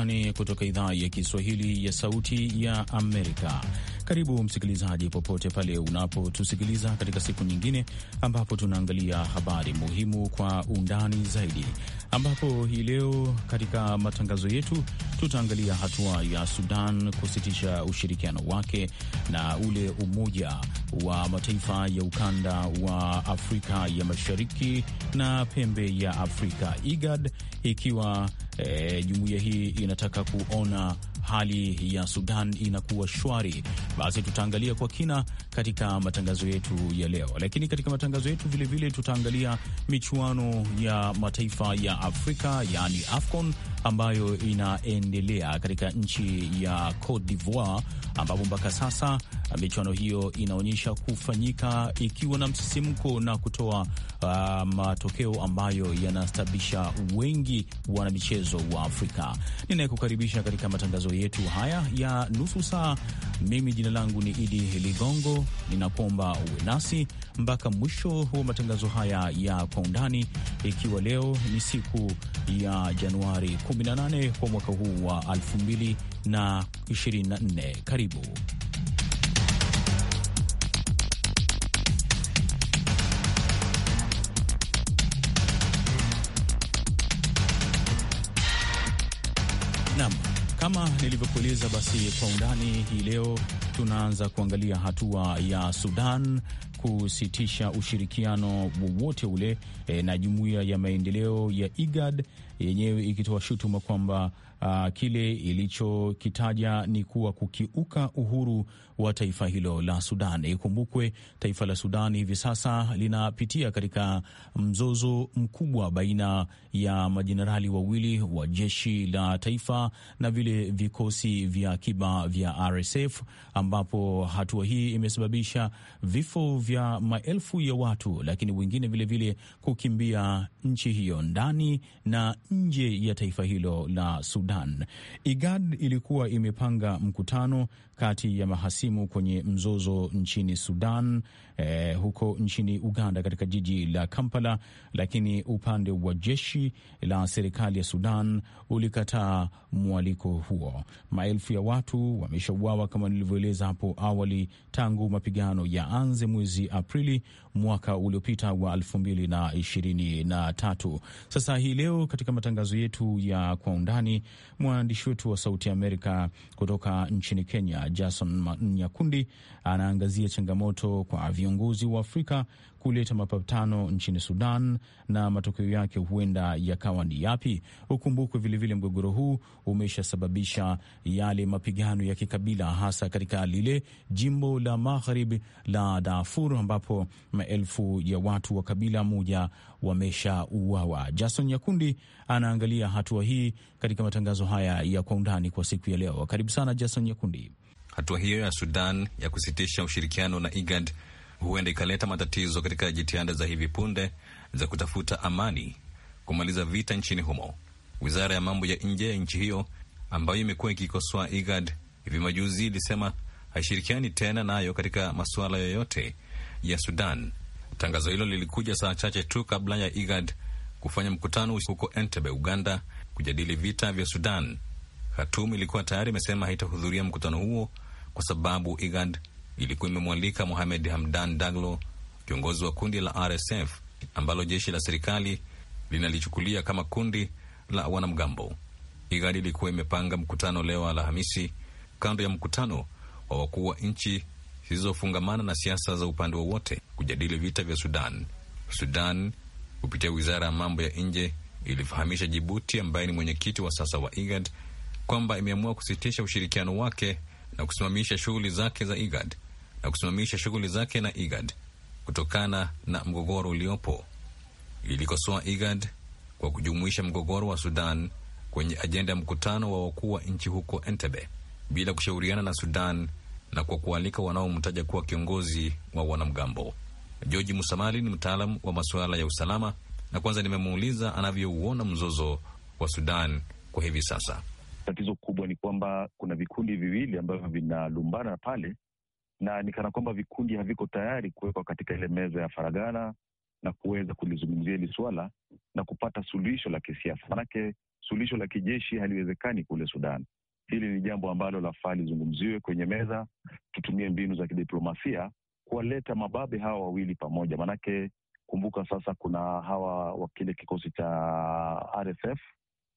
undani kutoka idhaa ya Kiswahili ya Sauti ya Amerika. Karibu msikilizaji, popote pale unapotusikiliza katika siku nyingine ambapo tunaangalia habari muhimu kwa undani zaidi, ambapo hii leo katika matangazo yetu tutaangalia hatua ya Sudan kusitisha ushirikiano wake na ule Umoja wa Mataifa ya ukanda wa Afrika ya Mashariki na pembe ya Afrika IGAD, ikiwa eh, jumuiya hii inataka kuona hali ya Sudan inakuwa shwari, basi tutaangalia kwa kina katika matangazo yetu ya leo. Lakini katika matangazo yetu vilevile tutaangalia michuano ya mataifa ya Afrika yaani AFCON ambayo inaendelea katika nchi ya Cote d'Ivoire ambapo mpaka sasa Uh, michuano hiyo inaonyesha kufanyika ikiwa na msisimko na kutoa uh, matokeo ambayo yanastabisha wengi wanamichezo wa Afrika. Ninayekukaribisha katika matangazo yetu haya ya nusu saa, mimi jina langu ni Idi Ligongo, ninakuomba uwe nasi mpaka mwisho wa matangazo haya ya kwa undani, ikiwa leo ni siku ya Januari 18 kwa mwaka huu wa 2024. Karibu. Nam, kama nilivyokueleza, basi kwa undani hii leo tunaanza kuangalia hatua ya Sudan kusitisha ushirikiano wowote ule e, na jumuiya ya maendeleo ya IGAD yenyewe ikitoa shutuma kwamba uh, kile ilichokitaja ni kuwa kukiuka uhuru wa taifa hilo la Sudan. Ikumbukwe taifa la Sudan hivi sasa linapitia katika mzozo mkubwa baina ya majenerali wawili wa jeshi la taifa na vile vikosi vya akiba vya RSF, ambapo hatua hii imesababisha vifo vya maelfu ya watu, lakini wengine vilevile kukimbia nchi hiyo ndani na nje ya taifa hilo la Sudan. IGAD ilikuwa imepanga mkutano kati ya mahasimu kwenye mzozo nchini Sudan eh, huko nchini Uganda katika jiji la Kampala, lakini upande wa jeshi la serikali ya Sudan ulikataa mwaliko huo. Maelfu ya watu wameshauawa kama nilivyoeleza hapo awali tangu mapigano yaanze mwezi Aprili mwaka uliopita wa 2023. Sasa hii leo katika matangazo yetu ya kwa undani, mwandishi wetu wa Sauti ya Amerika kutoka nchini Kenya, Jason Nyakundi anaangazia changamoto kwa avion viongozi wa Afrika kuleta mapatano nchini Sudan na matokeo yake huenda yakawa ni yapi? Ukumbukwe vilevile mgogoro huu umeshasababisha yale mapigano ya kikabila hasa katika lile jimbo la magharibi la Darfur ambapo maelfu ya watu wa kabila moja wameshauawa. Jason Nyakundi anaangalia hatua hii katika matangazo haya ya kwa undani kwa siku ya leo. Karibu sana Jason Nyakundi. Hatua hiyo ya Sudan ya kusitisha ushirikiano na IGAD huenda ikaleta matatizo katika jitihada za hivi punde za kutafuta amani kumaliza vita nchini humo. Wizara ya mambo ya nje ya nchi hiyo ambayo imekuwa ikikosoa IGAD hivi majuzi ilisema haishirikiani tena nayo katika masuala yoyote ya Sudan. Tangazo hilo lilikuja saa chache tu kabla ya IGAD kufanya mkutano huko Entebbe, Uganda, kujadili vita vya Sudan. Khartoum ilikuwa tayari imesema haitahudhuria mkutano huo kwa sababu IGAD ilikuwa imemwalika Mohamed Hamdan Daglo, kiongozi wa kundi la RSF ambalo jeshi la serikali linalichukulia kama kundi la wanamgambo. IGAD ilikuwa imepanga mkutano leo Alhamisi kando ya mkutano wa wakuu wa nchi zilizofungamana na siasa za upande wowote kujadili vita vya Sudan. Sudan kupitia wizara ya mambo ya nje ilifahamisha Jibuti, ambaye ni mwenyekiti wa sasa wa IGAD, kwamba imeamua kusitisha ushirikiano wake na kusimamisha shughuli zake za IGAD na kusimamisha shughuli zake na IGAD kutokana na mgogoro uliopo. Ilikosoa IGAD kwa kujumuisha mgogoro wa Sudan kwenye ajenda ya mkutano wa wakuu wa nchi huko Entebbe bila kushauriana na Sudan na kwa kualika wanaomtaja kuwa kiongozi wa wanamgambo. George Musamali ni mtaalam wa masuala ya usalama, na kwanza nimemuuliza anavyouona mzozo wa Sudan kwa hivi sasa. Tatizo kubwa ni kwamba kuna vikundi viwili ambavyo vinalumbana pale na ni kana kwamba vikundi haviko tayari kuwekwa katika ile meza ya faragana na kuweza kulizungumzia hili swala na kupata suluhisho la kisiasa, manake suluhisho la kijeshi haliwezekani kule Sudan. Hili ni jambo ambalo lafaa lizungumziwe kwenye meza, tutumie mbinu za kidiplomasia kuwaleta mababe hawa wawili pamoja, manake kumbuka sasa kuna hawa wa kile kikosi cha RSF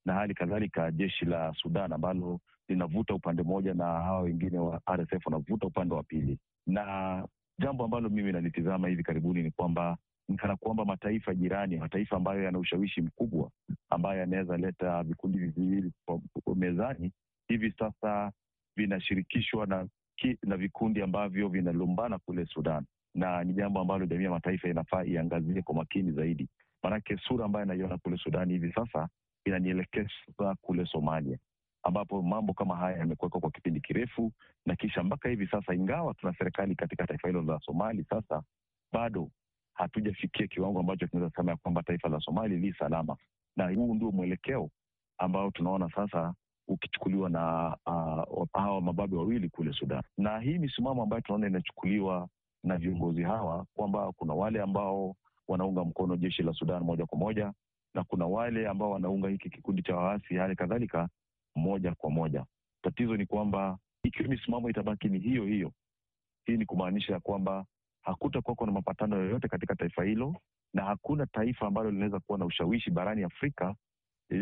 na hali kadhalika jeshi la Sudan ambalo inavuta upande mmoja na hawa wengine wa RSF wanavuta upande wa pili. Na jambo ambalo mimi nalitizama hivi karibuni ni kwamba kana kwamba mataifa jirani, mataifa ambayo yana ushawishi mkubwa, ambayo yanaweza leta vikundi viwili mezani, hivi sasa vinashirikishwa na, na vikundi ambavyo vinalumbana kule Sudan, na ni jambo ambalo jamii ya mataifa inafaa iangazie kwa makini zaidi, maanake sura ambayo inaiona kule Sudani hivi sasa inanielekeza kule Somalia ambapo mambo kama haya yamekuwekwa kwa kipindi kirefu, na kisha mpaka hivi sasa, ingawa tuna serikali katika taifa hilo la Somali sasa, bado hatujafikia kiwango ambacho tunaweza sema ya kwamba taifa la Somali li salama, na huu ndio mwelekeo ambao tunaona sasa ukichukuliwa na ah, hawa mababe wawili kule Sudan, na hii misimamo ambayo tunaona inachukuliwa na viongozi hawa kwamba kuna wale ambao wanaunga mkono jeshi la Sudan moja kwa moja na kuna wale ambao wanaunga hiki kikundi cha waasi, hali kadhalika moja kwa moja. Tatizo ni kwamba ikiwa misimamo itabaki ni hiyo hiyo, hii ni kumaanisha ya kwamba hakutakuwako na mapatano yoyote katika taifa hilo, na hakuna taifa ambalo linaweza kuwa na ushawishi barani Afrika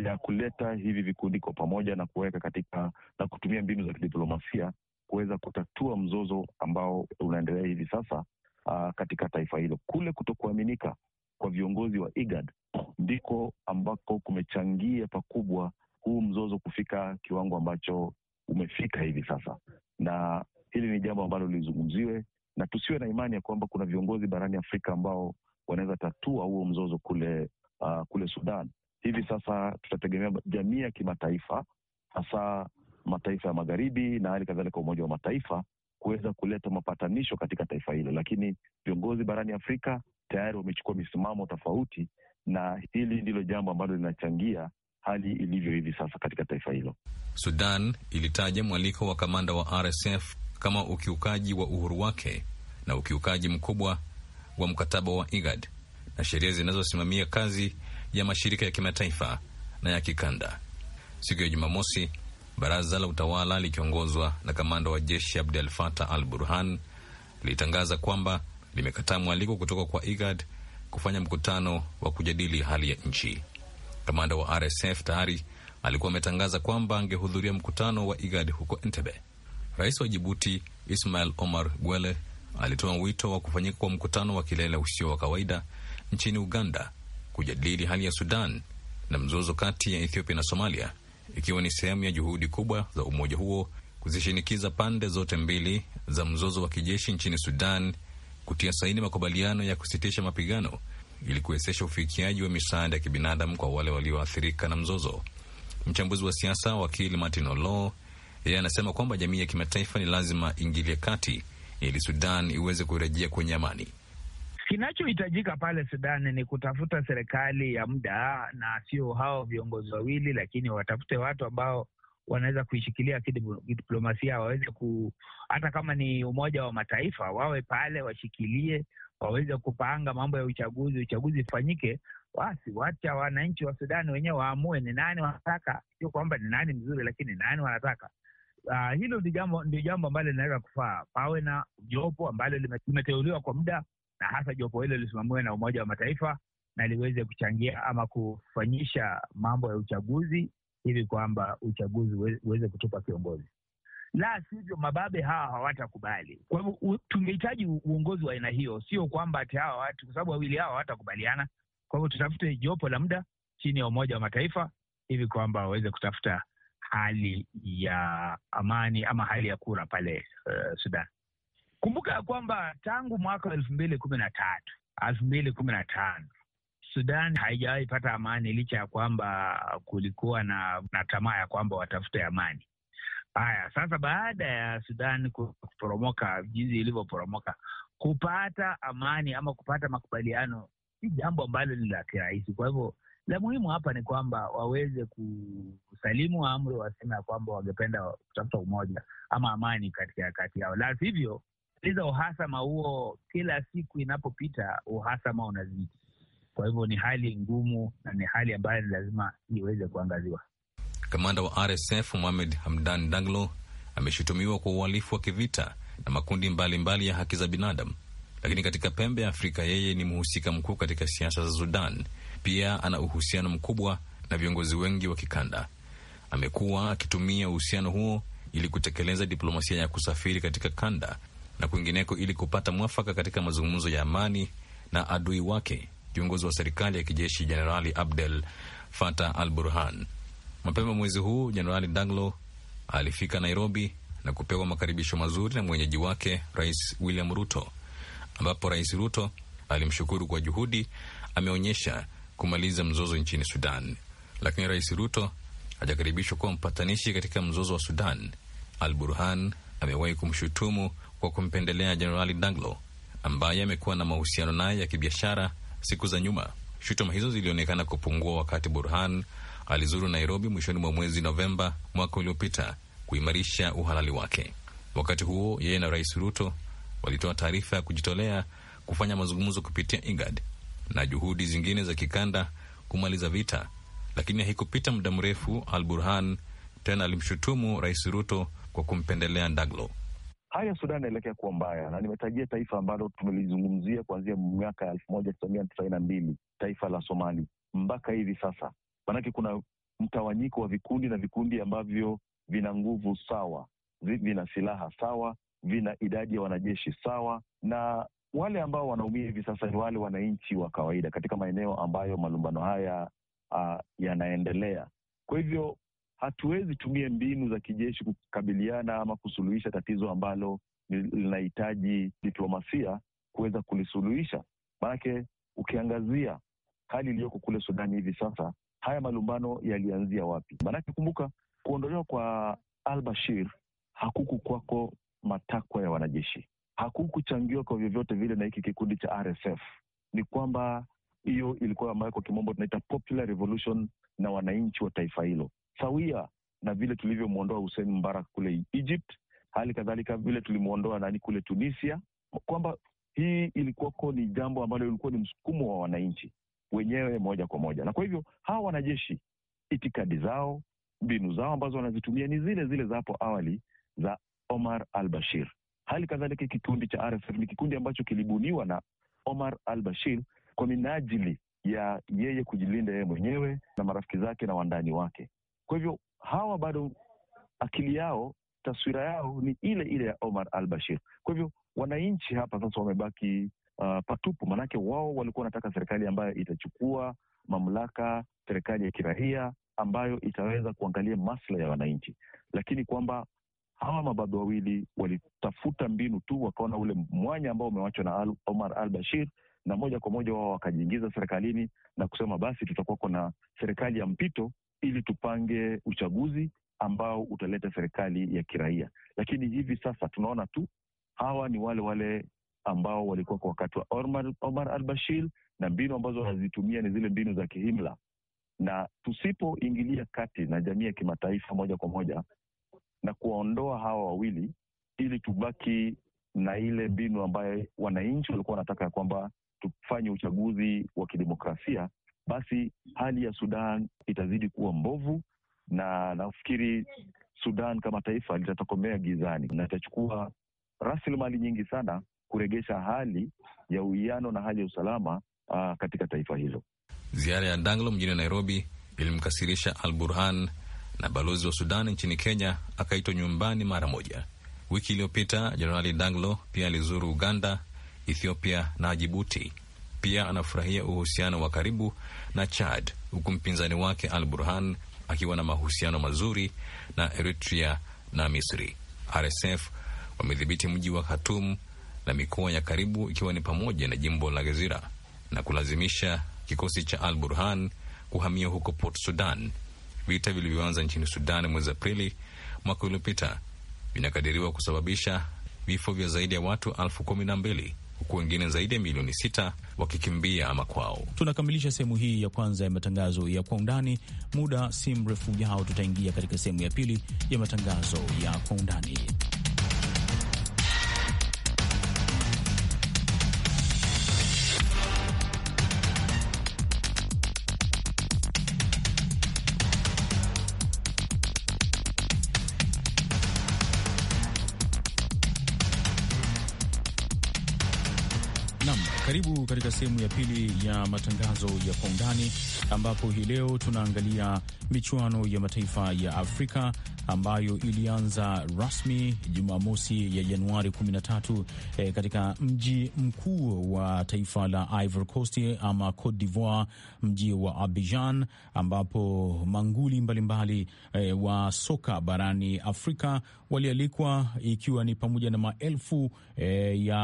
ya kuleta hivi vikundi kwa pamoja na kuweka katika na kutumia mbinu za kidiplomasia kuweza kutatua mzozo ambao unaendelea hivi sasa aa, ah, katika taifa hilo. Kule kutokuaminika kwa viongozi wa IGAD ndiko ambako kumechangia pakubwa huu mzozo kufika kiwango ambacho umefika hivi sasa, na hili ni jambo ambalo lizungumziwe na tusiwe na imani ya kwamba kuna viongozi barani Afrika ambao wanaweza tatua huo mzozo kule, uh, kule Sudan. Hivi sasa tutategemea jamii ya kimataifa, hasa mataifa ya magharibi na hali kadhalika Umoja wa Mataifa kuweza kuleta mapatanisho katika taifa hilo, lakini viongozi barani Afrika tayari wamechukua misimamo tofauti, na hili ndilo jambo ambalo linachangia hali ilivyo hivi sasa katika taifa hilo. Sudan ilitaja mwaliko wa kamanda wa RSF kama ukiukaji wa uhuru wake na ukiukaji mkubwa wa mkataba wa IGAD na sheria zinazosimamia kazi ya mashirika ya kimataifa na ya kikanda. Siku ya Jumamosi, baraza la utawala likiongozwa na kamanda wa jeshi Abdel Fattah al Burhan lilitangaza kwamba limekataa mwaliko kutoka kwa IGAD kufanya mkutano wa kujadili hali ya nchi. Kamanda wa RSF tayari alikuwa ametangaza kwamba angehudhuria mkutano wa IGAD huko Entebbe. Rais wa Jibuti Ismail Omar Gwele alitoa wito wa kufanyika kwa mkutano wa kilele usio wa kawaida nchini Uganda kujadili hali ya Sudan na mzozo kati ya Ethiopia na Somalia, ikiwa ni sehemu ya juhudi kubwa za umoja huo kuzishinikiza pande zote mbili za mzozo wa kijeshi nchini Sudan kutia saini makubaliano ya kusitisha mapigano ili kuwezesha ufikiaji wa misaada ya kibinadamu kwa wale walioathirika na mzozo. Mchambuzi wa siasa wakili Martin Olo yeye anasema kwamba jamii ya kimataifa ni lazima ingilie kati ili Sudan iweze kurejea kwenye amani. Kinachohitajika pale Sudan ni kutafuta serikali ya muda na sio hao viongozi wawili, lakini watafute watu ambao wanaweza kuishikilia kidiplomasia, waweze ku hata kama ni Umoja wa Mataifa wawe pale, washikilie, waweze kupanga mambo ya uchaguzi, uchaguzi ufanyike. Basi wacha wananchi wa Sudani wenyewe waamue ni nani wanataka, sio kwamba ni nani mzuri, lakini nani wanataka. Uh, hilo ndio jambo ambalo linaweza kufaa. Pawe na jopo ambalo limeteuliwa kwa muda, na hasa jopo hilo lisimamiwe na Umoja wa Mataifa na liweze kuchangia ama kufanyisha mambo ya uchaguzi ili kwamba uchaguzi uweze kutupa kiongozi, la sivyo mababe hawa hawatakubali. Kwa hivyo tungehitaji uongozi wa aina hiyo, sio kwamba ati hawa watu, kwa sababu wawili hawa hawatakubaliana. Kwa hivyo tutafute jopo la muda chini ya Umoja wa Mataifa hivi kwamba waweze kutafuta hali ya amani ama hali ya kura pale uh, Sudan. Kumbuka ya kwamba tangu mwaka wa elfu mbili kumi na tatu elfu mbili kumi na tano Sudan haijawahi pata amani licha ya kwamba kulikuwa na, na tamaa ya kwamba watafute amani. Haya, sasa baada ya Sudan kuporomoka jinsi ilivyoporomoka, kupata amani ama kupata makubaliano si jambo ambalo ni la kirahisi. Kwa hivyo la muhimu hapa ni kwamba waweze kusalimu amri, waseme ya kwamba wangependa kutafuta umoja ama amani katika kati yao, la sivyo liza uhasama huo kila siku inapopita, uhasama unazidi. Kwa hivyo ni hali ngumu na ni hali ambayo ni lazima iweze kuangaziwa. Kamanda wa RSF Mohamed Hamdan Daglo ameshutumiwa kwa uhalifu wa kivita na makundi mbalimbali mbali ya haki za binadamu, lakini katika pembe ya Afrika yeye ni mhusika mkuu katika siasa za Sudan. Pia ana uhusiano mkubwa na viongozi wengi wa kikanda. Amekuwa akitumia uhusiano huo ili kutekeleza diplomasia ya kusafiri katika kanda na kwingineko ili kupata mwafaka katika mazungumzo ya amani na adui wake kiongozi wa serikali ya kijeshi Jenerali Abdel Fatah al Burhan. Mapema mwezi huu Jenerali Daglo alifika Nairobi na kupewa makaribisho mazuri na mwenyeji wake Rais William Ruto, ambapo Rais Ruto alimshukuru kwa juhudi ameonyesha kumaliza mzozo nchini Sudan. Lakini Rais Ruto hajakaribishwa kuwa mpatanishi katika mzozo wa Sudan. Al Burhan amewahi kumshutumu kwa kumpendelea Jenerali Daglo ambaye amekuwa na mahusiano naye ya kibiashara Siku za nyuma shutuma hizo zilionekana kupungua wakati Burhan alizuru Nairobi mwishoni mwa mwezi Novemba mwaka uliopita kuimarisha uhalali wake. Wakati huo yeye na Rais Ruto walitoa taarifa ya kujitolea kufanya mazungumzo kupitia IGAD na juhudi zingine za kikanda kumaliza vita, lakini haikupita muda mrefu Al Burhan tena alimshutumu Rais Ruto kwa kumpendelea daglo Hali ya Sudan inaelekea kuwa mbaya, na nimetajia taifa ambalo tumelizungumzia kuanzia miaka ya elfu moja mia tisaini na mbili, taifa la Somali mpaka hivi sasa. Maanake kuna mtawanyiko wa vikundi na vikundi ambavyo vina nguvu sawa, vina silaha sawa, vina idadi ya wanajeshi sawa, na wale ambao wanaumia hivi sasa ni wale wananchi wa kawaida katika maeneo ambayo malumbano haya uh, yanaendelea. Kwa hivyo hatuwezi tumie mbinu za kijeshi kukabiliana ama kusuluhisha tatizo ambalo linahitaji diplomasia kuweza kulisuluhisha. Maanake ukiangazia hali iliyoko kule Sudani hivi sasa, haya malumbano yalianzia wapi? Maanake kumbuka, kuondolewa kwa Al Bashir hakuku kwako matakwa ya wanajeshi, hakukuchangiwa kwa vyovyote vile na hiki kikundi cha RSF. Ni kwamba hiyo ilikuwa ambayo kwa kimombo tunaita popular revolution na wananchi wa taifa hilo sawia na vile tulivyomwondoa Hussein Mubarak kule Egypt, hali kadhalika vile tulimwondoa nani kule Tunisia, kwamba hii ilikuwako ni jambo ambalo ilikuwa ni msukumo wa wananchi wenyewe moja kwa moja. Na kwa hivyo hawa wanajeshi, itikadi zao, mbinu zao ambazo wanazitumia ni zile zile za hapo awali za Omar al Bashir. Hali kadhalika kikundi cha RSF ni kikundi ambacho kilibuniwa na Omar al Bashir kwa minajili ya yeye kujilinda yeye mwenyewe na marafiki zake na wandani wake. Kwa hivyo hawa bado akili yao, taswira yao ni ile ile ya Omar al Bashir. Kwa hivyo wananchi hapa sasa wamebaki uh, patupu, maanake wao walikuwa wanataka serikali ambayo itachukua mamlaka, serikali ya kiraia ambayo itaweza kuangalia maslahi ya wananchi, lakini kwamba hawa mababu wawili walitafuta mbinu tu, wakaona ule mwanya ambao umewachwa na al Omar al Bashir, na moja kwa moja wao wakajiingiza serikalini na kusema basi tutakuwako na serikali ya mpito ili tupange uchaguzi ambao utaleta serikali ya kiraia. Lakini hivi sasa tunaona tu hawa ni wale wale ambao walikuwa kwa wakati wa Omar, Omar al-Bashir, na mbinu ambazo wanazitumia ni zile mbinu za kihimla, na tusipoingilia kati na jamii ya kimataifa moja kwa moja na kuwaondoa hawa wawili ili tubaki na ile mbinu ambayo wananchi walikuwa wanataka ya kwamba tufanye uchaguzi wa kidemokrasia basi hali ya Sudan itazidi kuwa mbovu, na nafikiri Sudan kama taifa litatokomea gizani na itachukua rasilimali nyingi sana kuregesha hali ya uwiano na hali ya usalama uh, katika taifa hilo. Ziara ya Danglo mjini Nairobi ilimkasirisha Al Burhan na balozi wa Sudan nchini Kenya akaitwa nyumbani mara moja. Wiki iliyopita Jenerali Danglo pia alizuru Uganda, Ethiopia na Jibuti pia anafurahia uhusiano wa karibu na Chad, huku mpinzani wake Al Burhan akiwa na mahusiano mazuri na Eritrea na Misri. RSF wamedhibiti mji wa Khartoum na mikoa ya karibu ikiwa ni pamoja na jimbo la Gezira na kulazimisha kikosi cha Al Burhan kuhamia huko Port Sudan. Vita vilivyoanza nchini Sudan mwezi Aprili mwaka uliopita vinakadiriwa kusababisha vifo vya zaidi ya watu elfu kumi na mbili huku wengine zaidi ya milioni sita wakikimbia makwao. Tunakamilisha sehemu hii ya kwanza ya matangazo ya kwa undani. Muda si mrefu ujao, tutaingia katika sehemu ya pili ya matangazo ya kwa undani. katika sehemu ya pili ya matangazo ya kwa undani, ambapo hii leo tunaangalia michuano ya mataifa ya Afrika ambayo ilianza rasmi Jumamosi ya Januari 13 eh, katika mji mkuu wa taifa la Ivory Coast eh, ama Cote d'Ivoire, mji wa Abidjan, ambapo manguli mbalimbali mbali, eh, wa soka barani Afrika walialikwa ikiwa ni pamoja na maelfu e, ya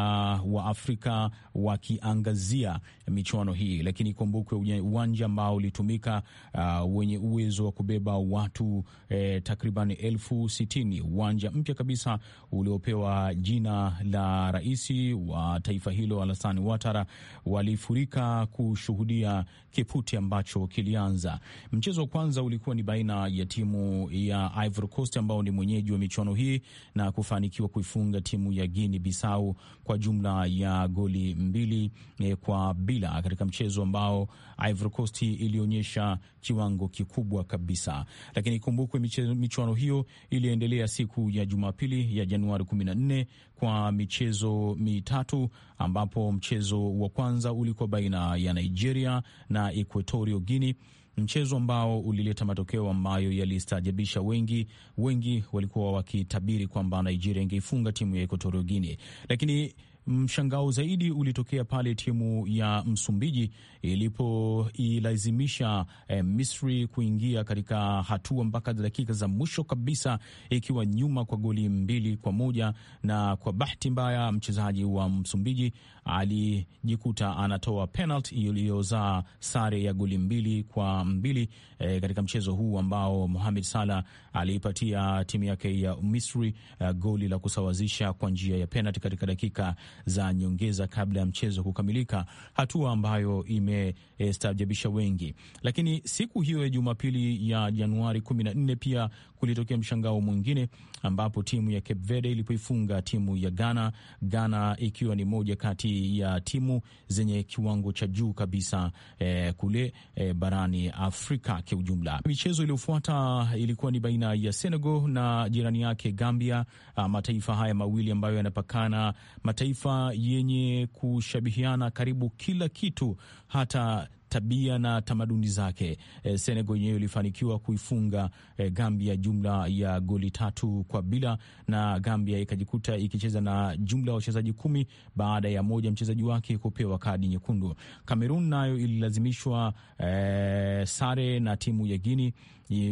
Waafrika wakiangazia michuano hii, lakini kumbukwe uwanja ambao ulitumika uh, wenye uwezo wa kubeba watu e, takriban elfu sitini, uwanja mpya kabisa uliopewa jina la rais wa taifa hilo Alassani Watara, walifurika kushuhudia kiputi ambacho kilianza. Mchezo wa kwanza ulikuwa ni baina ya timu ya Ivory Coast ambao ni mwenyeji wa michuano hii na kufanikiwa kuifunga timu ya Guinea Bissau kwa jumla ya goli mbili e, kwa bila katika mchezo ambao Ivory Coast ilionyesha kiwango kikubwa kabisa. Lakini ikumbukwe michuano hiyo iliendelea siku ya Jumapili ya Januari 14 kwa michezo mitatu ambapo mchezo wa kwanza ulikuwa baina ya Nigeria na Equatorio Guinea mchezo ambao ulileta matokeo ambayo yalistaajabisha wengi. Wengi walikuwa wakitabiri kwamba Nigeria ingeifunga timu ya Equatorial Guinea, lakini Mshangao zaidi ulitokea pale timu ya Msumbiji ilipoilazimisha eh, Misri kuingia katika hatua mpaka dakika za mwisho kabisa ikiwa nyuma kwa goli mbili kwa moja, na kwa bahati mbaya mchezaji wa Msumbiji alijikuta anatoa penalti iliyozaa sare ya goli mbili kwa mbili e, katika mchezo huu ambao Mohamed Salah aliipatia timu yake ya Misri e, goli la kusawazisha kwa njia ya penalti katika dakika za nyongeza kabla ya mchezo kukamilika, hatua ambayo imestajabisha wengi. Lakini siku hiyo ya Jumapili ya Januari 14 pia kulitokea mshangao mwingine ambapo timu ya Cape Verde ilipoifunga timu ya Ghana, Ghana ikiwa ni moja kati ya timu zenye kiwango cha juu kabisa eh, kule eh, barani Afrika kiujumla. Michezo iliyofuata ilikuwa ni baina ya Senegal na jirani yake Gambia. Ah, mataifa haya mawili ambayo yanapakana, mataifa yenye kushabihiana karibu kila kitu, hata tabia na tamaduni zake. E, Senegal yenyewe ilifanikiwa kuifunga e, Gambia jumla ya goli tatu kwa bila, na Gambia ikajikuta ikicheza na jumla ya wachezaji kumi baada ya moja mchezaji wake kupewa kadi nyekundu. Kamerun nayo ililazimishwa e, sare na timu ya Guini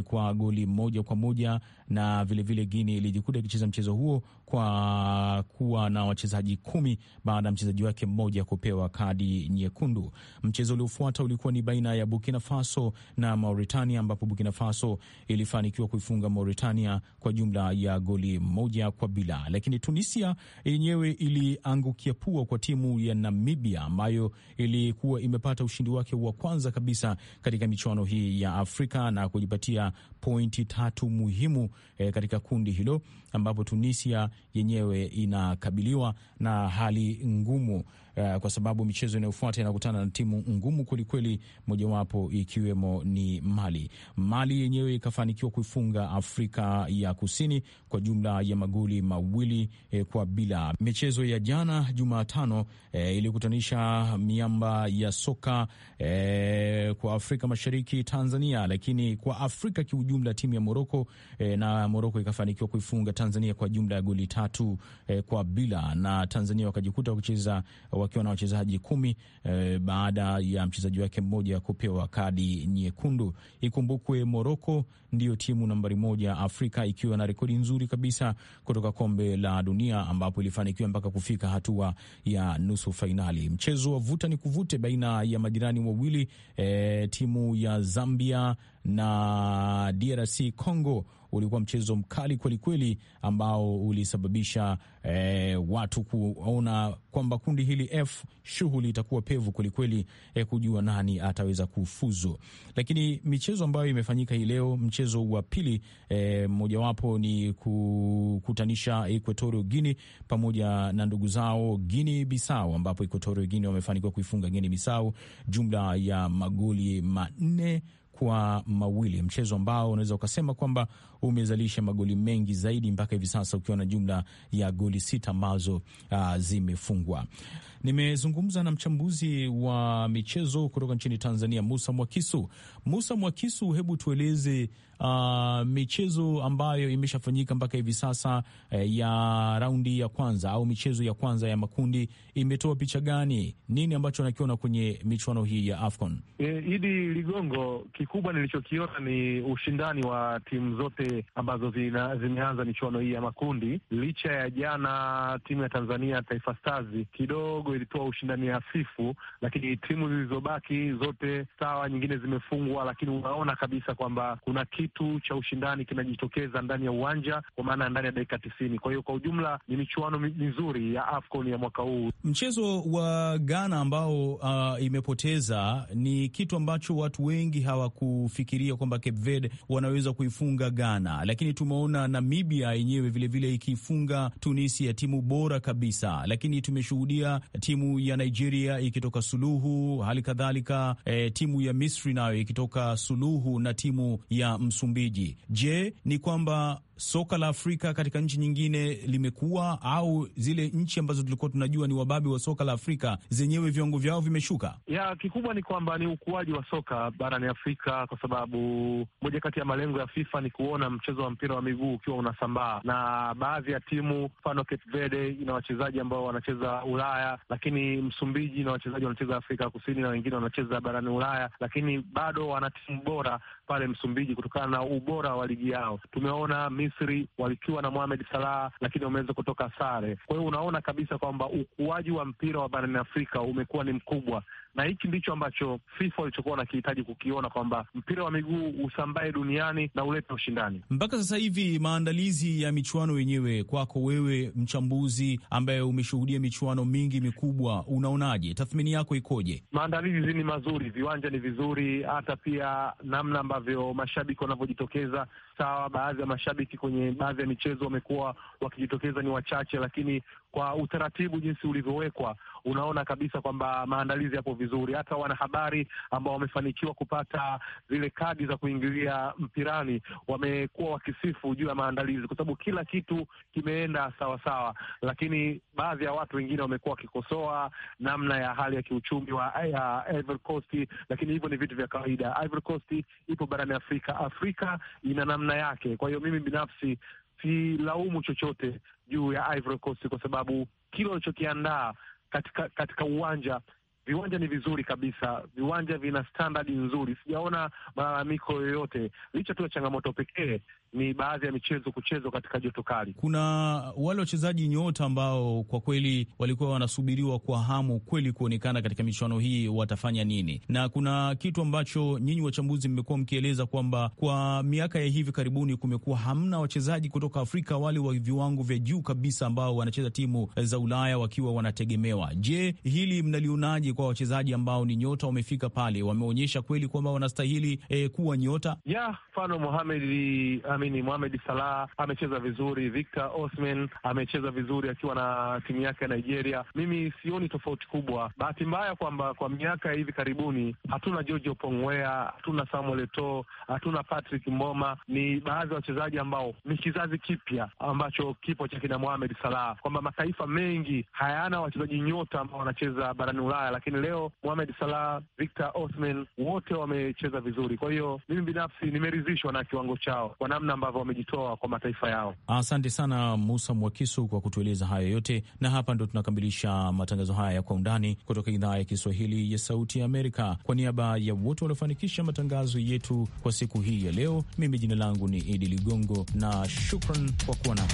kwa goli moja kwa moja, na vilevile Guinea ilijikuta ikicheza mchezo huo kwa kuwa na wachezaji kumi baada ya mchezaji wake mmoja kupewa kadi nyekundu. Mchezo uliofuata ulikuwa ni baina ya Burkina Faso na Mauritania, ambapo Burkina Faso ilifanikiwa kuifunga Mauritania kwa jumla ya goli moja kwa bila, lakini Tunisia yenyewe iliangukia pua kwa timu ya Namibia ambayo ilikuwa imepata ushindi wake wa kwanza kabisa katika michuano hii ya Afrika na kujipatia kati ya pointi tatu muhimu e, katika kundi hilo ambapo Tunisia yenyewe inakabiliwa na hali ngumu uh, kwa sababu michezo inayofuata inakutana na timu ngumu kwelikweli, mojawapo ikiwemo ni Mali. Mali yenyewe ikafanikiwa kuifunga Afrika ya Kusini kwa jumla ya magoli mawili eh, kwa bila. Michezo ya jana Jumatano eh, ilikutanisha miamba ya soka eh, kwa Afrika Mashariki, Tanzania, lakini kwa Afrika kiujumla, timu ya Moroko eh, na Moroko ikafanikiwa kuifunga Tanzania kwa jumla ya goli tatu eh, kwa bila, na Tanzania wakajikuta wakicheza wa wakiwa na wachezaji kumi e, baada ya mchezaji wake mmoja kupewa kadi nyekundu. Ikumbukwe Moroko ndiyo timu nambari moja Afrika ikiwa na rekodi nzuri kabisa kutoka kombe la dunia ambapo ilifanikiwa mpaka kufika hatua ya nusu fainali. Mchezo wa vuta ni kuvute baina ya majirani wawili e, timu ya Zambia na DRC Congo ulikuwa mchezo mkali kwelikweli, ambao ulisababisha e, watu kuona kwamba kundi hili F shughuli itakuwa pevu kwelikweli, e, eh, kujua nani ataweza kufuzu. Lakini michezo ambayo imefanyika hii leo, mchezo wa pili e, mojawapo ni kukutanisha Equatorio Guini pamoja na ndugu zao Guini Bisau, ambapo Equatorio Guini wamefanikiwa kuifunga Guini Bisau jumla ya magoli manne kwa mawili, mchezo ambao unaweza ukasema kwamba umezalisha magoli mengi zaidi mpaka hivi sasa ukiwa na jumla ya goli sita ambazo uh, zimefungwa. Nimezungumza na mchambuzi wa michezo kutoka nchini Tanzania, Musa Mwakisu. Musa Mwakisu, hebu tueleze uh, michezo ambayo imeshafanyika mpaka hivi sasa eh, ya raundi ya kwanza au michezo ya kwanza ya makundi imetoa picha gani? Nini ambacho anakiona kwenye michuano hii ya AFCON? E, Idi Ligongo, kikubwa nilichokiona ni ushindani wa timu zote ambazo zina, zimeanza michuano hii ya makundi. Licha ya jana timu ya Tanzania Taifa Stars kidogo ilitoa ushindani hafifu, lakini timu zilizobaki zote sawa, nyingine zimefungwa, lakini unaona kabisa kwamba kuna kitu kitu cha ushindani kinajitokeza ndani ya uwanja, kwa maana ndani ya dakika tisini. Kwa hiyo kwa ujumla ni michuano mizuri ya AFCON ya mwaka huu. Mchezo wa Ghana ambao uh, imepoteza ni kitu ambacho watu wengi hawakufikiria kwamba Cape Verde wanaweza kuifunga Ghana, lakini tumeona Namibia yenyewe vilevile ikifunga Tunisia, timu bora kabisa, lakini tumeshuhudia timu ya Nigeria ikitoka suluhu, hali kadhalika eh, timu ya Misri nayo ikitoka suluhu na timu ya ms Msumbiji. Je, ni kwamba soka la Afrika katika nchi nyingine limekuwa au zile nchi ambazo tulikuwa tunajua ni wababe wa soka la Afrika zenyewe viwango vyao vimeshuka? Ya kikubwa ni kwamba ni ukuaji wa soka barani Afrika, kwa sababu moja kati ya malengo ya FIFA ni kuona mchezo wa mpira wa miguu ukiwa unasambaa, na baadhi ya timu mfano Cape Verde ina wachezaji ambao wanacheza Ulaya, lakini Msumbiji ina wachezaji wanacheza Afrika Kusini na wengine wanacheza barani Ulaya, lakini bado wana timu bora pale Msumbiji kutokana na ubora wa ligi yao. Tumeona Misri walikiwa na Mohamed Salah, lakini wameweza kutoka sare. Kwa hiyo unaona kabisa kwamba ukuaji wa mpira wa barani Afrika umekuwa ni mkubwa na hiki ndicho ambacho FIFA walichokuwa wanakihitaji kukiona kwamba mpira wa miguu usambae duniani na ulete ushindani. Mpaka sasa hivi maandalizi ya michuano wenyewe, kwako wewe mchambuzi ambaye umeshuhudia michuano mingi mikubwa, unaonaje? Tathmini yako ikoje? Maandalizi ni mazuri, viwanja ni vizuri, hata pia namna ambavyo mashabiki wanavyojitokeza sawa. Baadhi ya mashabiki kwenye baadhi ya michezo wamekuwa wakijitokeza ni wachache, lakini kwa utaratibu jinsi ulivyowekwa, unaona kabisa kwamba maandalizi yapo vizuri. Hata wanahabari ambao wamefanikiwa kupata zile kadi za kuingilia mpirani wamekuwa wakisifu juu ya maandalizi, kwa sababu kila kitu kimeenda sawasawa sawa. Lakini baadhi ya watu wengine wamekuwa wakikosoa namna ya hali ya kiuchumi wa eh, ya Ivory Coast, lakini hivyo ni vitu vya kawaida. Ivory Coast ipo barani Afrika, Afrika ina namna yake. Kwa hiyo mimi binafsi silaumu chochote juu ya Ivory Coast kwa sababu kile walichokiandaa katika katika uwanja, viwanja ni vizuri kabisa, viwanja vina standard nzuri, sijaona malalamiko yoyote, licha tu ya changamoto pekee ni baadhi ya michezo kuchezwa katika joto kali. Kuna wale wachezaji nyota ambao kwa kweli walikuwa wanasubiriwa kwa hamu kweli kuonekana katika michuano hii, watafanya nini? Na kuna kitu ambacho nyinyi wachambuzi mmekuwa mkieleza kwamba kwa miaka ya hivi karibuni kumekuwa hamna wachezaji kutoka Afrika wale wa viwango vya juu kabisa ambao wanacheza timu za Ulaya wakiwa wanategemewa. Je, hili mnalionaje kwa wachezaji ambao ni nyota, wamefika pale, wameonyesha kweli kwamba wanastahili eh, kuwa nyota? Yeah, mfano Mohamed eh, amini, Mohamed Salah amecheza vizuri, Victor Osimhen amecheza vizuri akiwa na timu yake ya Nigeria. Mimi sioni tofauti kubwa. Bahati mbaya kwamba kwa miaka ya hivi karibuni hatuna Jojo Pongwea, hatuna Samuel Eto'o, hatuna Patrick Mboma. Ni baadhi ya wachezaji ambao ni kizazi kipya ambacho kipo cha kina Mohamed Salah, kwamba mataifa mengi hayana wachezaji nyota ambao wanacheza barani Ulaya, lakini leo Mohamed Salah, Victor Osimhen wote wamecheza vizuri. Kwa hiyo mimi binafsi nimeridhishwa na kiwango chao kwa namna namna ambavyo wamejitoa kwa mataifa yao. Asante sana Musa Mwakisu kwa kutueleza hayo yote, na hapa ndo tunakamilisha matangazo haya ya Kwa Undani kutoka idhaa ya Kiswahili ya Sauti ya Amerika. Kwa niaba ya wote waliofanikisha matangazo yetu kwa siku hii ya leo, mimi jina langu ni Idi Ligongo na shukran kwa kuwa nami.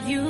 love you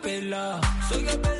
pela. Soy el